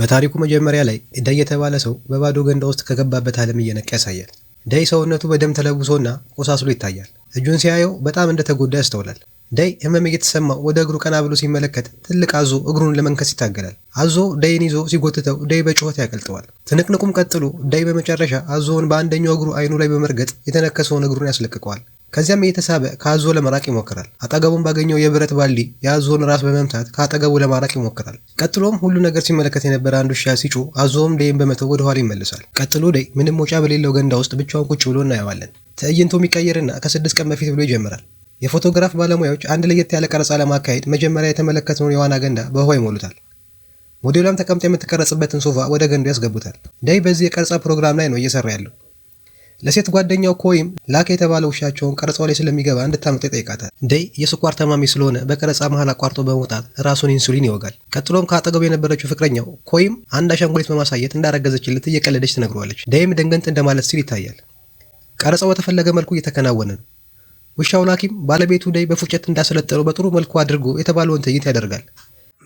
በታሪኩ መጀመሪያ ላይ ደይ የተባለ ሰው በባዶ ገንዳ ውስጥ ከገባበት ዓለም እየነቃ ያሳያል። ደይ ሰውነቱ በደም ተለውሶና ቆሳስሎ ይታያል። እጁን ሲያየው በጣም እንደተጎዳ ያስተውላል። ደይ ህመም እየተሰማው ወደ እግሩ ቀና ብሎ ሲመለከት ትልቅ አዞ እግሩን ለመንከስ ይታገላል። አዞ ደይን ይዞ ሲጎትተው ደይ በጩኸት ያቀልጠዋል። ትንቅንቁም ቀጥሎ ደይ በመጨረሻ አዞውን በአንደኛው እግሩ አይኑ ላይ በመርገጥ የተነከሰውን እግሩን ያስለቅቀዋል። ከዚያም እየተሳበ ከአዞ ለመራቅ ይሞክራል። አጠገቡን ባገኘው የብረት ባልዲ የአዞን ራስ በመምታት ከአጠገቡ ለማራቅ ይሞክራል። ቀጥሎም ሁሉ ነገር ሲመለከት የነበረ አንዱ ውሻ ሲጮ፣ አዞም ደይን በመተው ወደ ኋላ ይመለሳል። ቀጥሎ ደይ ምንም ሞጫ በሌለው ገንዳ ውስጥ ብቻውን ቁጭ ብሎ እናየዋለን። ትዕይንቱ የሚቀየርና ከስድስት ቀን በፊት ብሎ ይጀምራል። የፎቶግራፍ ባለሙያዎች አንድ ለየት ያለ ቀረጻ ለማካሄድ መጀመሪያ የተመለከትነውን የዋና ገንዳ በውሃ ይሞሉታል። ሞዴሏም ተቀምጦ የምትቀረጽበትን ሶፋ ወደ ገንዱ ያስገቡታል። ደይ በዚህ የቀረጻ ፕሮግራም ላይ ነው እየሰራ ያለው። ለሴት ጓደኛው ኮይም ላከ የተባለ ውሻቸውን ቀረጻ ላይ ስለሚገባ እንድታመጣ ይጠይቃታል። ደይ የስኳር ተማሚ ስለሆነ በቀረጻ መሀል አቋርጦ በመውጣት ራሱን ኢንሱሊን ይወጋል። ቀጥሎም ከአጠገቡ የነበረችው ፍቅረኛው ኮይም አንድ አሻንጉሊት በማሳየት እንዳረገዘችለት እየቀለደች ትነግረዋለች። ደይም ደንገንጥ እንደማለት ሲል ይታያል። ቀረጻው በተፈለገ መልኩ እየተከናወነ ነው። ውሻው ላኪም ባለቤቱ ደይ በፉጨት እንዳሰለጠነው በጥሩ መልኩ አድርጎ የተባለውን ትዕይንት ያደርጋል።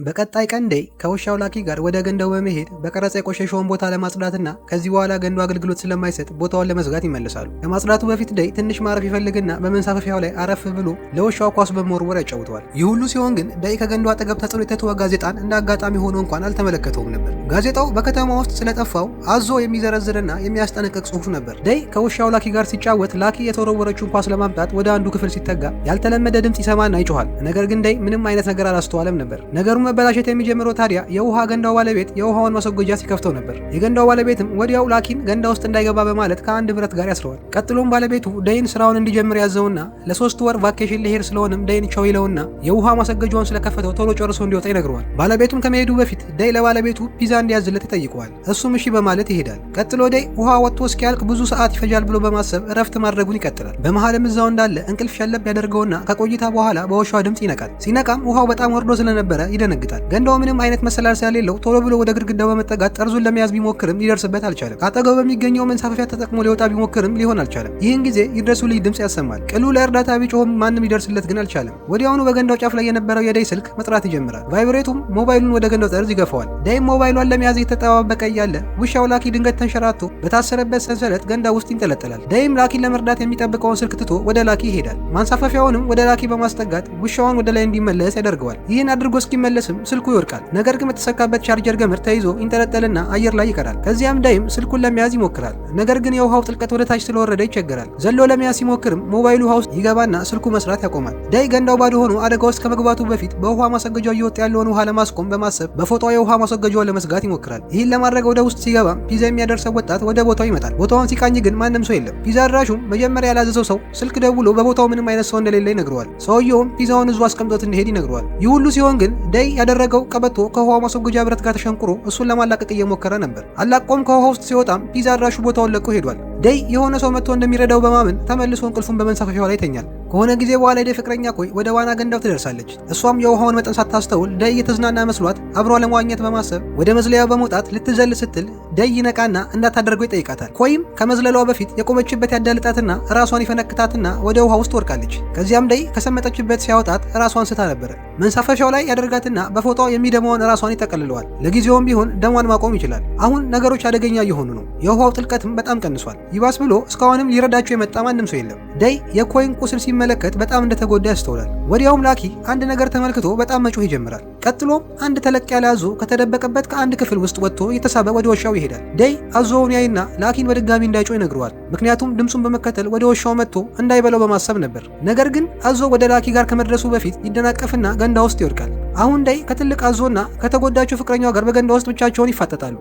በቀጣይ ቀን ደይ ከውሻው ላኪ ጋር ወደ ገንዳው በመሄድ በቀረጻ የቆሸሸውን ቦታ ለማጽዳትና ከዚህ በኋላ ገንዳው አገልግሎት ስለማይሰጥ ቦታውን ለመዝጋት ይመለሳሉ። ከማጽዳቱ በፊት ደይ ትንሽ ማረፍ ይፈልግና በመንሳፈፊያው ላይ አረፍ ብሎ ለውሻው ኳስ በመወርወር ያጫውተዋል። ይህ ሁሉ ሲሆን ግን ደይ ከገንዳው አጠገብ ተጽዕኖ የተተወ ጋዜጣን እንደ አጋጣሚ ሆኖ እንኳን አልተመለከተውም ነበር። ጋዜጣው በከተማ ውስጥ ስለጠፋው አዞ የሚዘረዝርና የሚያስጠነቅቅ ጽሑፍ ነበር። ደይ ከውሻው ላኪ ጋር ሲጫወት ላኪ የተወረወረችውን ኳስ ለማምጣት ወደ አንዱ ክፍል ሲጠጋ ያልተለመደ ድምፅ ይሰማና ይጮኋል። ነገር ግን ደይ ምንም አይነት ነገር አላስተዋለም ነበር ነገሩ መበላሸት የሚጀምረው ታዲያ የውሃ ገንዳው ባለቤት የውሃውን ማስወገጃ ሲከፍተው ነበር። የገንዳው ባለቤትም ወዲያው ላኪን ገንዳ ውስጥ እንዳይገባ በማለት ከአንድ ብረት ጋር ያስረዋል። ቀጥሎም ባለቤቱ ደይን ስራውን እንዲጀምር ያዘውና ለሶስት ወር ቫኬሽን ሊሄድ ስለሆነም ደይን ቸው ይለውና የውሃ ማስወገጃውን ስለከፈተው ቶሎ ጨርሶ እንዲወጣ ይነግረዋል። ባለቤቱም ከመሄዱ በፊት ደይ ለባለቤቱ ፒዛ እንዲያዝለት ይጠይቀዋል። እሱም እሺ በማለት ይሄዳል። ቀጥሎ ደይ ውሃ ወጥቶ እስኪያልቅ ብዙ ሰዓት ይፈጃል ብሎ በማሰብ እረፍት ማድረጉን ይቀጥላል። በመሀልም እዛው እንዳለ እንቅልፍ ሸለብ ያደርገውና ከቆይታ በኋላ በውሻ ድምፅ ይነቃል። ሲነቃም ውሃው በጣም ወርዶ ስለነበረ ይደነ ያስደነግጣል። ገንዳው ምንም አይነት መሰላል ስለሌለው ቶሎ ብሎ ወደ ግድግዳው በመጠጋት ጠርዙን ለመያዝ ቢሞክርም ሊደርስበት አልቻለም። ከአጠገቡ በሚገኘው መንሳፈፊያ ተጠቅሞ ሊወጣ ቢሞክርም ሊሆን አልቻለም። ይህን ጊዜ ይድረሱልኝ ድምፅ ያሰማል። ቅሉ ለእርዳታ ቢጮህም ማንም ሊደርስለት ግን አልቻለም። ወዲያውኑ በገንዳው ጫፍ ላይ የነበረው የዳይ ስልክ መጥራት ይጀምራል። ቫይብሬቱም ሞባይሉን ወደ ገንዳው ጠርዝ ይገፋዋል። ደይም ሞባይሏን ለመያዝ የተጠባበቀ እያለ ውሻው ላኪ ድንገት ተንሸራቶ በታሰረበት ሰንሰለት ገንዳ ውስጥ ይንጠለጠላል። ደይም ላኪን ለመርዳት የሚጠብቀውን ስልክ ትቶ ወደ ላኪ ይሄዳል። ማንሳፈፊያውንም ወደ ላኪ በማስጠጋት ውሻውን ወደ ላይ እንዲመለስ ያደርገዋል። ይህን አድርጎ እስኪመለስ ስም ስልኩ ይወድቃል። ነገር ግን በተሰካበት ቻርጀር ገመድ ተይዞ ይንጠለጠልና አየር ላይ ይቀራል። ከዚያም ዳይም ስልኩን ለመያዝ ይሞክራል። ነገር ግን የውሃው ጥልቀት ወደ ታች ስለወረደ ይቸገራል። ዘሎ ለመያዝ ሲሞክርም ሞባይሉ ውሃ ውስጥ ይገባና ስልኩ መስራት ያቆማል። ዳይ ገንዳው ባዶ ሆኖ አደጋ ውስጥ ከመግባቱ በፊት በውሃ ማስወገጃው እየወጣ ያለውን ውሃ ለማስቆም በማሰብ በፎጣ የውሃ ማስወገጃውን ለመዝጋት ይሞክራል። ይህን ለማድረግ ወደ ውስጥ ሲገባ ፒዛ የሚያደርሰው ወጣት ወደ ቦታው ይመጣል። ቦታውን ሲቃኝ ግን ማንም ሰው የለም። ፒዛ አድራሹም መጀመሪያ ያላዘዘው ሰው ስልክ ደውሎ በቦታው ምንም አይነት ሰው እንደሌለ ይነግረዋል። ሰውየውም ፒዛውን እዙ አስቀምጦት እንዲሄድ ይነግረዋል። ይህ ሁሉ ሲሆን ግን ዳይ ያደረገው ቀበቶ ከውሃው ማስወገጃ ብረት ጋር ተሸንቁሮ እሱን ለማላቀቅ እየሞከረ ነበር። አላቆም ከውሃ ውስጥ ሲወጣም ፒዛ አድራሹ ቦታውን ለቆ ሄዷል። ደይ የሆነ ሰው መጥቶ እንደሚረዳው በማመን ተመልሶ እንቅልፉን በመንሳፈፊያው ላይ ይተኛል። ከሆነ ጊዜ በኋላ የደይ ፍቅረኛ ኮይ ወደ ዋና ገንዳው ትደርሳለች። እሷም የውሃውን መጠን ሳታስተውል ደይ የተዝናና መስሏት አብሯ ለመዋኘት በማሰብ ወደ መዝለያው በመውጣት ልትዘል ስትል ደይ ይነቃና እንዳታደርገው ይጠይቃታል። ኮይም ከመዝለሏ በፊት የቆመችበት ያዳልጣትና ራሷን ይፈነክታትና ወደ ውሃ ውስጥ ወርቃለች። ከዚያም ደይ ከሰመጠችበት ሲያወጣት ራሷን ስታ ነበረ። መንሳፈሻው ላይ ያደርጋትና በፎጣ የሚደማውን ራሷን ይጠቀልለዋል። ለጊዜውም ቢሆን ደሟን ማቆም ይችላል። አሁን ነገሮች አደገኛ እየሆኑ ነው። የውሃው ጥልቀትም በጣም ቀንሷል። ይባስ ብሎ እስካሁንም ሊረዳቸው የመጣ ማንም ሰው የለም። ደይ የኮይን ቁስል ሲመለከት በጣም እንደተጎዳ ያስተውላል። ወዲያውም ላኪ አንድ ነገር ተመልክቶ በጣም መጮህ ይጀምራል። ቀጥሎም አንድ ተለቅ ያለ አዞ ከተደበቀበት ከአንድ ክፍል ውስጥ ወጥቶ እየተሳበ ወደ ወሻው ይሄዳል። ደይ አዞውን ያይና ላኪን በድጋሚ እንዳይጮ ይነግረዋል። ምክንያቱም ድምፁን በመከተል ወደ ወሻው መጥቶ እንዳይበላው በማሰብ ነበር። ነገር ግን አዞ ወደ ላኪ ጋር ከመድረሱ በፊት ይደናቀፍና ገንዳ ውስጥ ይወድቃል። አሁን ደይ ከትልቅ አዞና ከተጎዳቸው ፍቅረኛው ጋር በገንዳ ውስጥ ብቻቸውን ይፋጠጣሉ።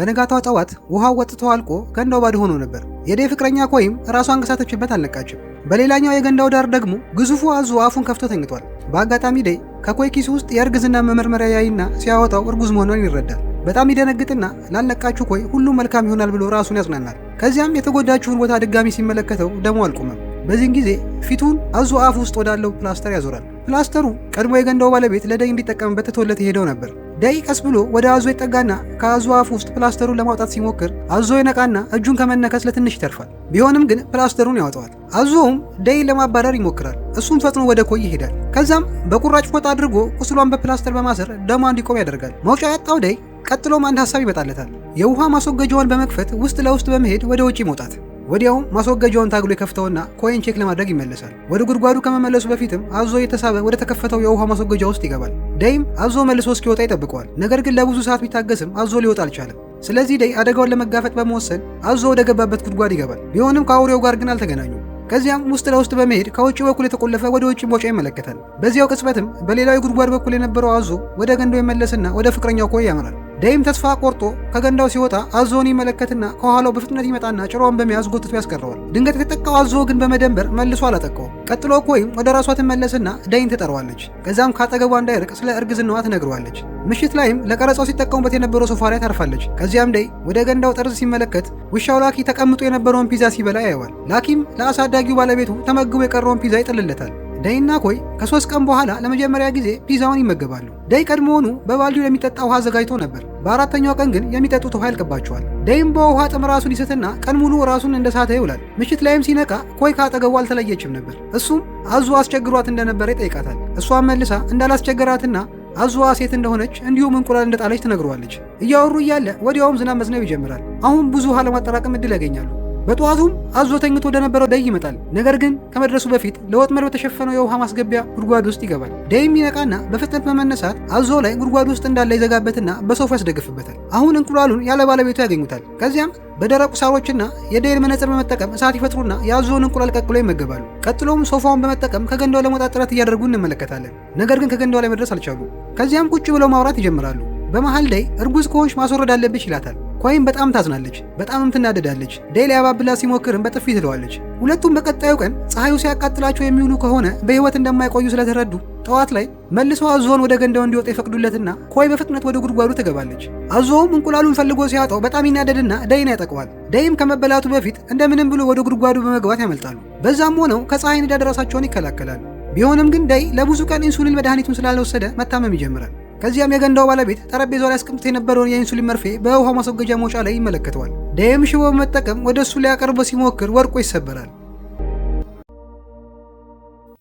በነጋታው ጠዋት ውሃው ወጥቶ አልቆ ገንዳው ባዶ ሆኖ ነበር። የዴ ፍቅረኛ ኮይም ራሷን ከሳተችበት አልነቃችም። በሌላኛው የገንዳው ዳር ደግሞ ግዙፉ አዞ አፉን ከፍቶ ተኝቷል። በአጋጣሚ ዴ ከኮይ ኪስ ውስጥ የእርግዝና መመርመሪያ ያይና ሲያወጣው እርጉዝ መሆኗን ይረዳል። በጣም ይደነግጥና ላለቃችሁ ኮይ ሁሉም መልካም ይሆናል ብሎ ራሱን ያጽናናል። ከዚያም የተጎዳችውን ቦታ ድጋሚ ሲመለከተው ደሞ አልቆመም። በዚህን ጊዜ ፊቱን አዞ አፍ ውስጥ ወዳለው ፕላስተር ያዞራል። ፕላስተሩ ቀድሞ የገንዳው ባለቤት ለደይ እንዲጠቀምበት ትቶለት ሄደው ነበር። ደይ ቀስ ብሎ ወደ አዞ ይጠጋና ከአዞ አፍ ውስጥ ፕላስተሩን ለማውጣት ሲሞክር አዞ ይነቃና እጁን ከመነከስ ለትንሽ ይተርፋል። ቢሆንም ግን ፕላስተሩን ያወጣዋል። አዞውም ደይ ለማባረር ይሞክራል። እሱም ፈጥኖ ወደ ኮይ ይሄዳል። ከዛም በቁራጭ ፎጣ አድርጎ ቁስሏን በፕላስተር በማሰር ደሟ እንዲቆም ያደርጋል። መውጫ ያጣው ደይ ቀጥሎም አንድ ሀሳብ ይመጣለታል። የውሃ ማስወገጃዋን በመክፈት ውስጥ ለውስጥ በመሄድ ወደ ውጪ መውጣት ወዲያውም ማስወገጃውን ታግሎ የከፍተውና ኮይን ቼክ ለማድረግ ይመለሳል። ወደ ጉድጓዱ ከመመለሱ በፊትም አዞ የተሳበ ወደ ተከፈተው የውሃ ማስወገጃ ውስጥ ይገባል። ዳይም አዞ መልሶ እስኪወጣ ይጠብቀዋል። ነገር ግን ለብዙ ሰዓት ቢታገስም አዞ ሊወጣ አልቻለም። ስለዚህ ዳይ አደጋውን ለመጋፈጥ በመወሰን አዞ ወደ ገባበት ጉድጓድ ይገባል። ቢሆንም ከአውሬው ጋር ግን አልተገናኙም። ከዚያም ውስጥ ለውስጥ በመሄድ ከውጭ በኩል የተቆለፈ ወደ ውጭ መውጫ ይመለከታል። በዚያው ቅጽበትም በሌላው የጉድጓድ በኩል የነበረው አዞ ወደ ገንዶ ይመለስና ወደ ፍቅረኛው ኮይ ያመራል። ደይም ተስፋ ቆርጦ ከገንዳው ሲወጣ አዞውን ይመለከትና ከኋላው በፍጥነት ይመጣና ጭራውን በመያዝ ጎትቶ ያስቀረዋል። ድንገት የተጠቃው አዞ ግን በመደንበር መልሶ አላጠቃውም። ቀጥሎ ኮይም ወደ ራሷ ትመለስና ደይን ትጠራዋለች። ከዛም ካጠገቧ እንዳይርቅ ስለ እርግዝናዋ ትነግረዋለች። ምሽት ላይም ለቀረጻው ሲጠቀሙበት የነበረው ሶፋ ላይ ታርፋለች። ከዚያም ደይ ወደ ገንዳው ጠርዝ ሲመለከት ውሻው ላኪ ተቀምጦ የነበረውን ፒዛ ሲበላ ያየዋል። ላኪም ለአሳዳጊው ባለቤቱ ተመግቦ የቀረውን ፒዛ ይጥልለታል። ደይና ኮይ ከሶስት ቀን በኋላ ለመጀመሪያ ጊዜ ፒዛውን ይመገባሉ። ደይ ቀድሞውኑ በባልዲው ለሚጠጣ ውሃ አዘጋጅቶ ነበር። በአራተኛው ቀን ግን የሚጠጡት ውሃ ይልቅባቸዋል። ደይም በውሃ ጥም ራሱን ይስትና ቀን ሙሉ ራሱን እንደሳተ ይውላል። ምሽት ላይም ሲነቃ ኮይ ከአጠገቡ አልተለየችም ነበር። እሱም አዙ አስቸግሯት እንደነበረ ይጠይቃታል። እሷን መልሳ እንዳላስቸገራትና አዙዋ ሴት እንደሆነች እንዲሁም እንቁላል እንደጣለች ትነግረዋለች። እያወሩ እያለ ወዲያውም ዝናብ መዝነብ ይጀምራል። አሁን ብዙ ውሃ ለማጠራቀም እድል ያገኛሉ። በጠዋቱም አዞ ተኝቶ ወደነበረው ደይ ይመጣል። ነገር ግን ከመድረሱ በፊት ለወጥመድ በተሸፈነው የውሃ ማስገቢያ ጉድጓድ ውስጥ ይገባል። ደይም ይነቃና በፍጥነት በመነሳት አዞ ላይ ጉድጓድ ውስጥ እንዳለ ይዘጋበትና በሶፋ ያስደግፍበታል። አሁን እንቁላሉን ያለ ባለቤቱ ያገኙታል። ከዚያም በደረቁ ሳሮችና የደይል መነጽር በመጠቀም እሳት ይፈጥሩና የአዞውን እንቁላል ቀቅሎ ይመገባሉ። ቀጥሎም ሶፋውን በመጠቀም ከገንዳው ለመውጣት ጥረት እያደረጉ እንመለከታለን። ነገር ግን ከገንዳው ላይ መድረስ አልቻሉ። ከዚያም ቁጭ ብለው ማውራት ይጀምራሉ። በመሃል ላይ እርጉዝ ከሆንሽ ማስወረድ አለብሽ ይላታል። ኳይም በጣም ታዝናለች፣ በጣምም ትናደዳለች። ዴይ ሊያባብላ ሲሞክርም በጥፊ ትለዋለች። ሁለቱም በቀጣዩ ቀን ፀሐዩ ሲያቃጥላቸው የሚውሉ ከሆነ በሕይወት እንደማይቆዩ ስለተረዱ ጠዋት ላይ መልሶ አዞውን ወደ ገንዳው እንዲወጣ ይፈቅዱለትና ኮይ በፍጥነት ወደ ጉድጓዱ ትገባለች። አዞውም እንቁላሉን ፈልጎ ሲያጣው በጣም ይናደድና ደይን ያጠቅማል። ደይም ከመበላቱ በፊት እንደምንም ብሎ ወደ ጉድጓዱ በመግባት ያመልጣሉ። በዛም ሆነው ከፀሐይ ንዳድ ራሳቸውን ይከላከላል። ቢሆንም ግን ደይ ለብዙ ቀን ኢንሱሊን መድኃኒቱን ስላልወሰደ መታመም ይጀምራል። ከዚያም የገንዳው ባለቤት ጠረጴዛው ላይ አስቀምጦት የነበረውን የኢንሱሊን መርፌ በውሃ ማስወገጃ መውጫ ላይ ይመለከተዋል። ደም ሽቦ በመጠቀም ወደ እሱ ሊያቀርበው ሲሞክር ወርቆ ይሰበራል።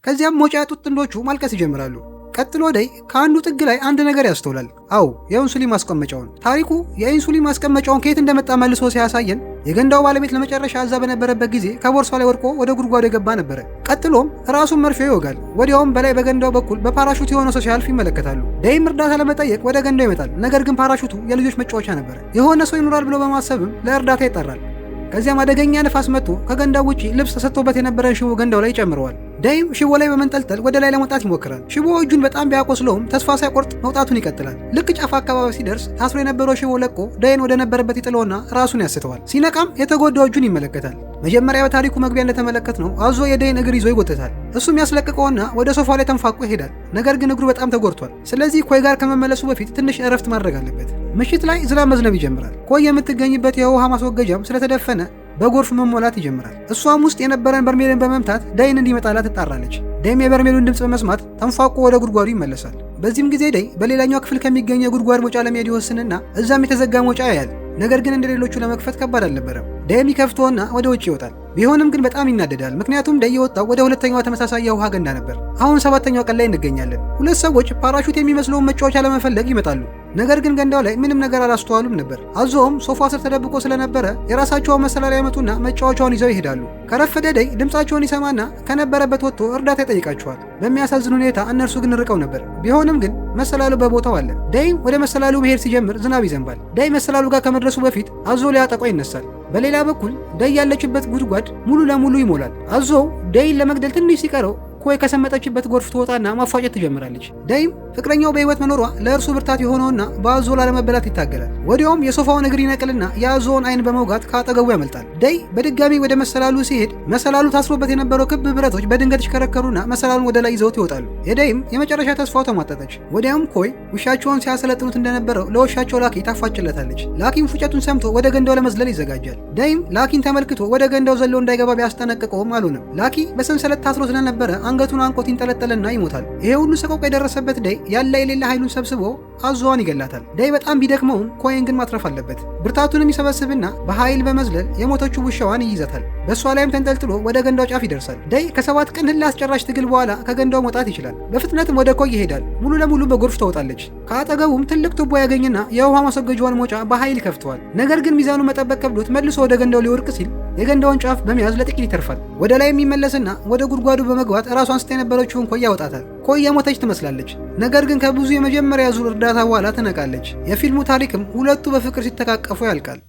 ከዚያም መውጫ ያጡት ጥንዶቹ ማልቀስ ይጀምራሉ። ቀጥሎ ወደይ ከአንዱ ጥግ ላይ አንድ ነገር ያስተውላል። አዎ የኢንሱሊን ማስቀመጫውን። ታሪኩ የኢንሱሊን ማስቀመጫውን ከየት እንደመጣ መልሶ ሲያሳየን የገንዳው ባለቤት ለመጨረሻ እዛ በነበረበት ጊዜ ከቦርሳው ላይ ወድቆ ወደ ጉድጓዶ የገባ ነበረ። ቀጥሎም ራሱን መርፌ ይወጋል። ወዲያውም በላይ በገንዳው በኩል በፓራሹት የሆነ ሰው ሲያልፍ ይመለከታሉ። ደይም እርዳታ ለመጠየቅ ወደ ገንዳው ይመጣል። ነገር ግን ፓራሹቱ የልጆች መጫወቻ ነበረ። የሆነ ሰው ይኖራል ብሎ በማሰብም ለእርዳታ ይጠራል። ከዚያም አደገኛ ንፋስ መጥቶ ከገንዳው ውጪ ልብስ ተሰጥቶበት የነበረን ሽቦ ገንዳው ላይ ይጨምረዋል። ዳይም ሽቦ ላይ በመንጠልጠል ወደ ላይ ለመውጣት ይሞክራል። ሽቦ እጁን በጣም ቢያቆስለውም ተስፋ ሳይቆርጥ መውጣቱን ይቀጥላል። ልክ ጫፍ አካባቢ ሲደርስ ታስሮ የነበረው ሽቦ ለቆ ዳይን ወደ ነበረበት ይጥለውና ራሱን ያስተዋል። ሲነቃም የተጎዳው እጁን ይመለከታል። መጀመሪያ በታሪኩ መግቢያ እንደተመለከት ነው አዞ የዳይን እግር ይዞ ይጎተታል። እሱም ያስለቅቀውና ወደ ሶፋ ላይ ተንፋቆ ይሄዳል። ነገር ግን እግሩ በጣም ተጎድቷል። ስለዚህ ኮይ ጋር ከመመለሱ በፊት ትንሽ እረፍት ማድረግ አለበት። ምሽት ላይ ዝናብ መዝነብ ይጀምራል። ኮይ የምትገኝበት የውሃ ማስወገጃም ስለተደፈነ በጎርፍ መሞላት ይጀምራል። እሷም ውስጥ የነበረን በርሜልን በመምታት ዳይን እንዲመጣላት ትጣራለች። ዳይም የበርሜሉን ድምፅ በመስማት ተንፏቆ ወደ ጉድጓዱ ይመለሳል። በዚህም ጊዜ ዳይ በሌላኛው ክፍል ከሚገኘ የጉድጓድ መውጫ ለመሄድ ይወስንና እዛም የተዘጋ መውጫ ያያል። ነገር ግን እንደ ሌሎቹ ለመክፈት ከባድ አልነበረም። ደም ይከፍቶና ወደ ውጭ ይወጣል። ቢሆንም ግን በጣም ይናደዳል። ምክንያቱም ደይ ወጣው ወደ ሁለተኛዋ ተመሳሳይ የውሃ ገንዳ ነበር። አሁን ሰባተኛው ቀን ላይ እንገኛለን። ሁለት ሰዎች ፓራሹት የሚመስለውን መጫወቻ ለመፈለግ ይመጣሉ። ነገር ግን ገንዳው ላይ ምንም ነገር አላስተዋሉም ነበር። አዞም ሶፋ ስር ተደብቆ ስለነበረ የራሳቸውን መሰላል ያመጡና መጫወቻውን ይዘው ይሄዳሉ። ከረፈደ ደይ ድምፃቸውን ይሰማና ከነበረበት ወጥቶ እርዳታ ይጠይቃቸዋል። በሚያሳዝን ሁኔታ እነርሱ ግን ርቀው ነበር። ቢሆንም ግን መሰላሉ በቦታው አለ። ደይ ወደ መሰላሉ መሄድ ሲጀምር ዝናብ ይዘንባል። ደይ መሰላሉ ጋር ከመድረሱ በፊት አዞ ሊያጠቋ ይነሳል። በሌላ በኩል ዳይ ያለችበት ጉድጓድ ሙሉ ለሙሉ ይሞላል። አዞው ዳይን ለመግደል ትንሽ ሲቀረው ኮይ ከሰመጠችበት ጎርፍ ትወጣና ማፏጨት ትጀምራለች። ዳይም ፍቅረኛው በህይወት መኖሯ ለእርሱ ብርታት የሆነውና በአዞ ላለመበላት ይታገላል። ወዲያውም የሶፋውን እግር ይነቅልና የአዞውን አይን በመውጋት ከአጠገቡ ያመልጣል። ዳይ በድጋሚ ወደ መሰላሉ ሲሄድ መሰላሉ ታስሮበት የነበረው ክብ ብረቶች በድንገት ይሽከረከሩና መሰላሉን ወደ ላይ ይዘውት ይወጣሉ። የዳይም የመጨረሻ ተስፋው ተሟጠጠች። ወዲያውም ኮይ ውሻቸውን ሲያሰለጥኑት እንደነበረው ለውሻቸው ላኪ ታፋጭለታለች። ላኪም ፉጨቱን ሰምቶ ወደ ገንዳው ለመዝለል ይዘጋጃል። ዳይም ላኪን ተመልክቶ ወደ ገንዳው ዘሎ እንዳይገባ ቢያስጠነቅቀውም አልሆነም። ላኪ በሰንሰለት ታስሮ ስለነበረ አንገቱን አንቆት ይንጠለጠልና ይሞታል። ይሄ ሁሉ ሰቆቃ የደረሰበት ደይ ያለ የሌለ ኃይሉን ሰብስቦ አዞዋን ይገላታል። ደይ በጣም ቢደክመውም ኮይን ግን ማትረፍ አለበት። ብርታቱንም ይሰበስብና በኃይል በመዝለል የሞተችው ውሻዋን ይይዛታል። በእሷ ላይም ተንጠልጥሎ ወደ ገንዳው ጫፍ ይደርሳል። ደይ ከሰባት ቀን ህልህ አስጨራሽ ትግል በኋላ ከገንዳው መውጣት ይችላል። በፍጥነትም ወደ ኮይ ይሄዳል። ሙሉ ለሙሉ በጎርፍ ተወጣለች። ከአጠገቡም ትልቅ ቱቦ ያገኝና የውሃ ማስወገጃዋን ሞጫ በኃይል ይከፍተዋል። ነገር ግን ሚዛኑ መጠበቅ ከብዶት መልሶ ወደ ገንዳው ሊወርቅ ሲል የገንዳውን ጫፍ በመያዝ ለጥቂት ይተርፋል። ወደ ላይ የሚመለስና ወደ ጉድጓዱ በመግባት ራሷን ስታ የነበረችውን ኮይ ያወጣታል። ኮይ የሞተች ትመስላለች፣ ነገር ግን ከብዙ የመጀመሪያ ዙር እርዳታ በኋላ ትነቃለች። የፊልሙ ታሪክም ሁለቱ በፍቅር ሲተቃቀፉ ያልቃል።